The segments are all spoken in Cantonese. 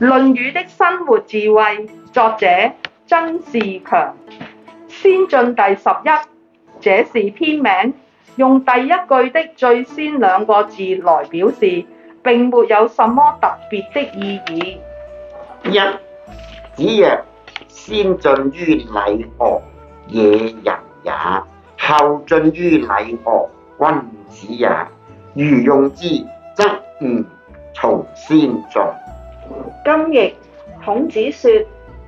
《論語》的生活智慧，作者曾仕強。先進第十一，這是篇名，用第一句的最先兩個字來表示，並沒有什麼特別的意義。一子曰：先進於禮樂，野人也；後進於禮樂，君子也。如用之，則吾從先進。今譯，孔子說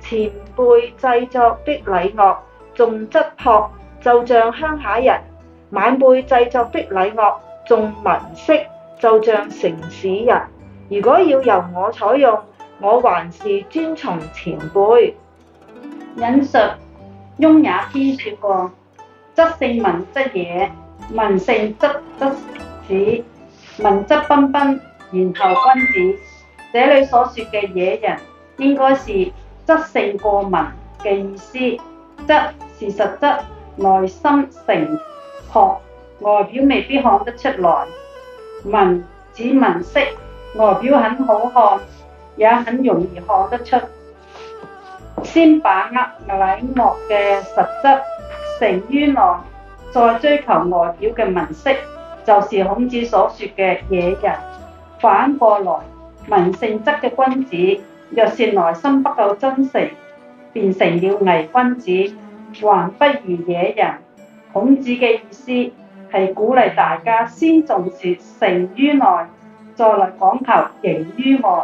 前輩制作的禮樂重質樸，就像鄉下人；晚輩制作的禮樂重文飾，就像城市人。如果要由我採用，我還是遵從前輩。引述《雍也篇》說過：質勝文則野，文勝質則史，文質彬彬，然後君子。這裏所說嘅野人，應該是質性過文嘅意思。質是實質，內心誠樸，外表未必看得出來。文指文飾，外表很好看，也很容易看得出。先把握禮樂嘅實質，誠於內，再追求外表嘅文飾，就是孔子所說嘅野人。反過來，文性質嘅君子，若是內心不夠真誠，便成了偽君子，還不如野人。孔子嘅意思係鼓勵大家先重視誠於內，再嚟講求形於外。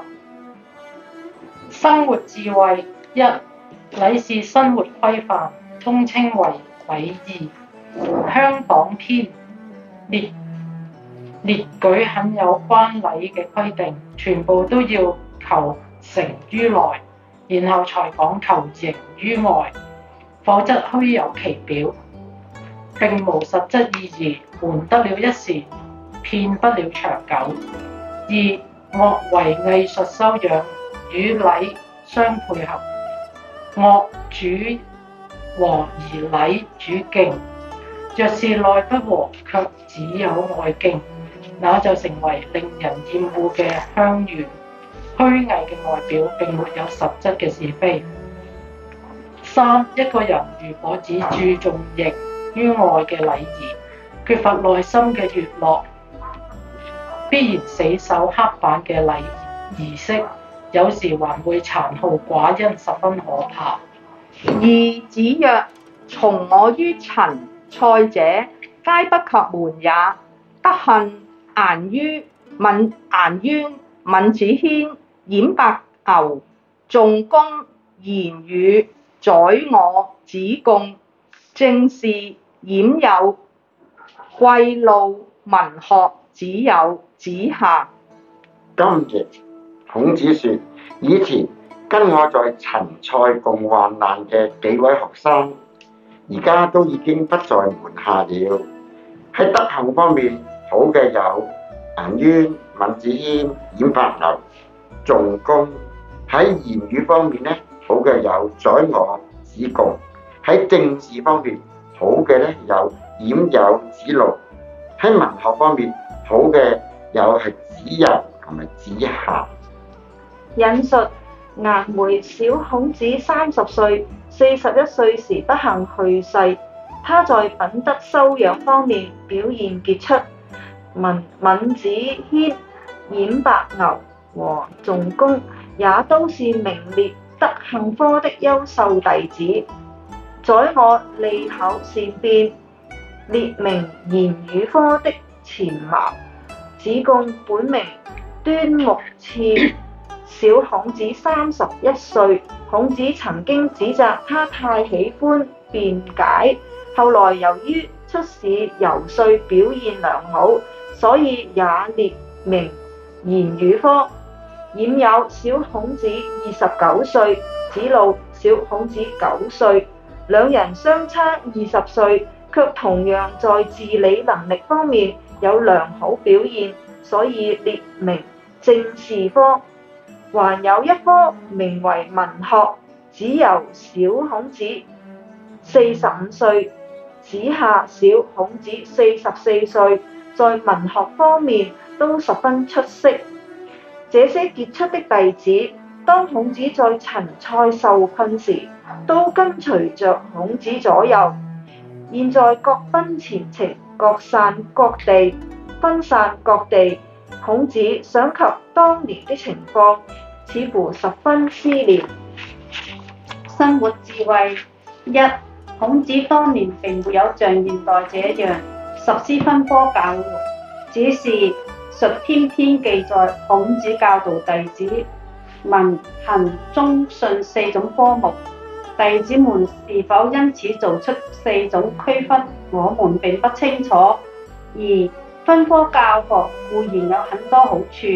生活智慧一、禮是生活規範，通稱為禮儀。香港篇列。列舉很有關禮嘅規定，全部都要求誠於內，然後才講求形於外，否則虛有其表，並無實質意義，瞞得了一時，騙不了長久。二、樂為藝術修養，與禮相配合，樂主和而禮主敬，若是內不和，卻只有外敬。那就成為令人厭惡嘅鄉願，虛偽嘅外表並沒有實質嘅是非。三一個人如果只注重形於外嘅禮儀，缺乏內心嘅悅樂，必然死守刻板嘅禮儀式，有時還會殘酷寡恩，十分可怕。二，子曰：從我於陳蔡者，皆不及門也。德行。」顏淵、閔顏淵、閔子騫、冉伯牛、仲弓。言語，宰我、子貢，政事，冉有、季路，文學，子游、子夏。今日孔子說：以前跟我在陳蔡共患難嘅幾位學生，而家都已經不在門下了。喺德行方面。好嘅有顏淵、閔子騫、冉伯牛、仲弓。喺言語方面呢，好嘅有宰我、子貢；喺政治方面好嘅呢有冉有、子路；喺文學方面好嘅有係子游同埋子夏。引述顏回小孔子三十歲，四十一歲時不幸去世。他在品德修養方面表現傑出。閔子騫、冉伯牛和仲弓，也都是名列德行科的優秀弟子。宰我利口善辯，列名言語科的前茅。子貢本名端木賜，小孔子三十一歲。孔子曾經指責他太喜歡辯解。後來由於出使游說表現良好。所以也列名言語科，冉有小孔子二十九歲，子路小孔子九歲，兩人相差二十歲，卻同樣在治理能力方面有良好表現，所以列名政事科。還有一科名為文學，子游小孔子四十五歲，子夏小孔子四十四歲。在文學方面都十分出色，這些傑出的弟子，當孔子在陳蔡受困時，都跟隨着孔子左右。現在各奔前程，各散各地，分散各地。孔子想及當年的情況，似乎十分思念。生活智慧一，孔子當年並沒有像現代這樣。實施分科教育，只是《述篇》篇記載孔子教導弟子文、行、忠、信四種科目，弟子們是否因此做出四種區分，我們並不清楚。而分科教學固然有很多好處，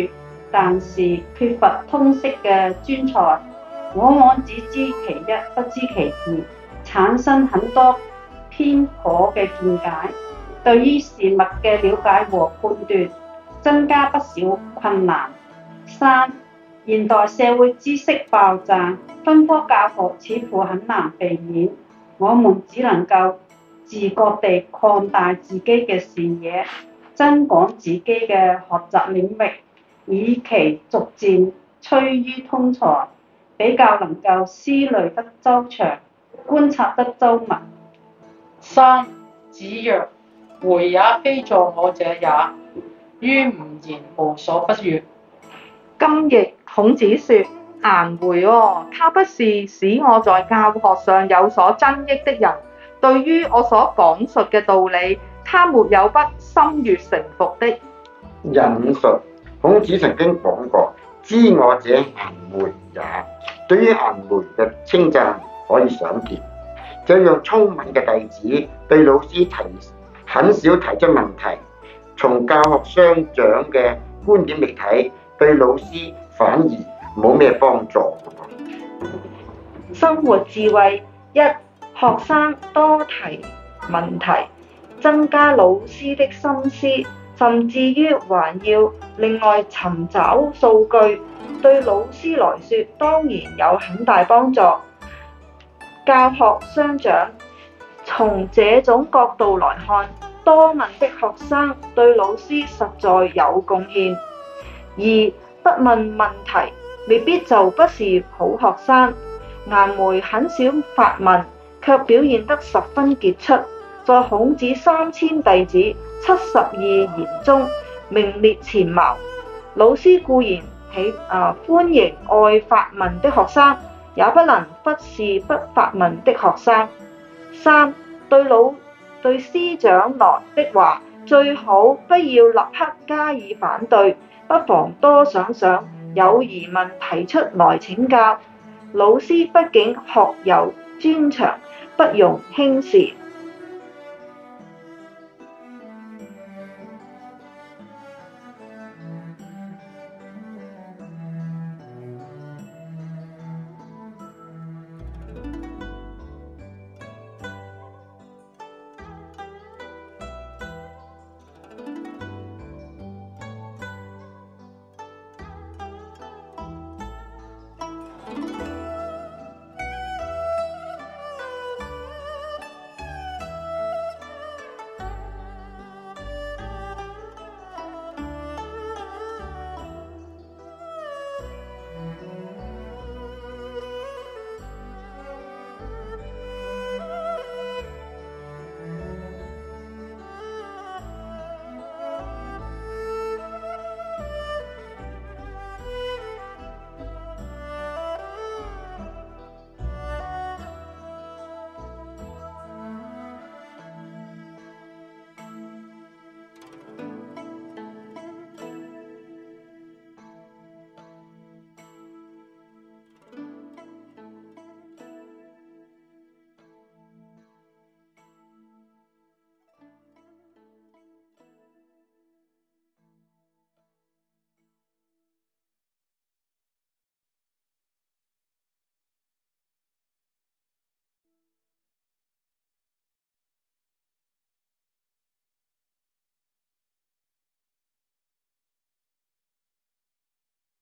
但是缺乏通識嘅專才，往往只知其一，不知其二，產生很多偏頗嘅見解。對於事物嘅了解和判斷，增加不少困難。三現代社會知識爆炸，分科教學似乎很難避免。我們只能夠自覺地擴大自己嘅視野，增廣自己嘅學習領域，以期逐漸趨於通才，比較能夠思慮得周詳，觀察得周密。三子曰。回也非助我者也，於吾言，無所不悅。今亦孔子説顏回哦，他不是使我在教學上有所爭益的人，對於我所講述嘅道理，他沒有不心悅誠服的。引述孔子曾經講過：知我者顏回也。對於顏回嘅稱讚可以想見，這樣聰敏嘅弟子對老師提示，很少提出問題，從教學相長嘅觀點嚟睇，對老師反而冇咩幫助。生活智慧一，學生多提問題，增加老師的心思，甚至於還要另外尋找數據，對老師來說當然有很大幫助。教學相長。從這種角度來看，多問的學生對老師實在有貢獻。二、不問問題未必就不是好學生。顏回很少發問，卻表現得十分傑出，在孔子三千弟子七十二賢中名列前茅。老師固然喜啊歡迎愛發問的學生，也不能忽視不發問的學生。三對老對師長來的話，最好不要立刻加以反對，不妨多想想，有疑問提出來請教。老師畢竟學有專長，不容輕視。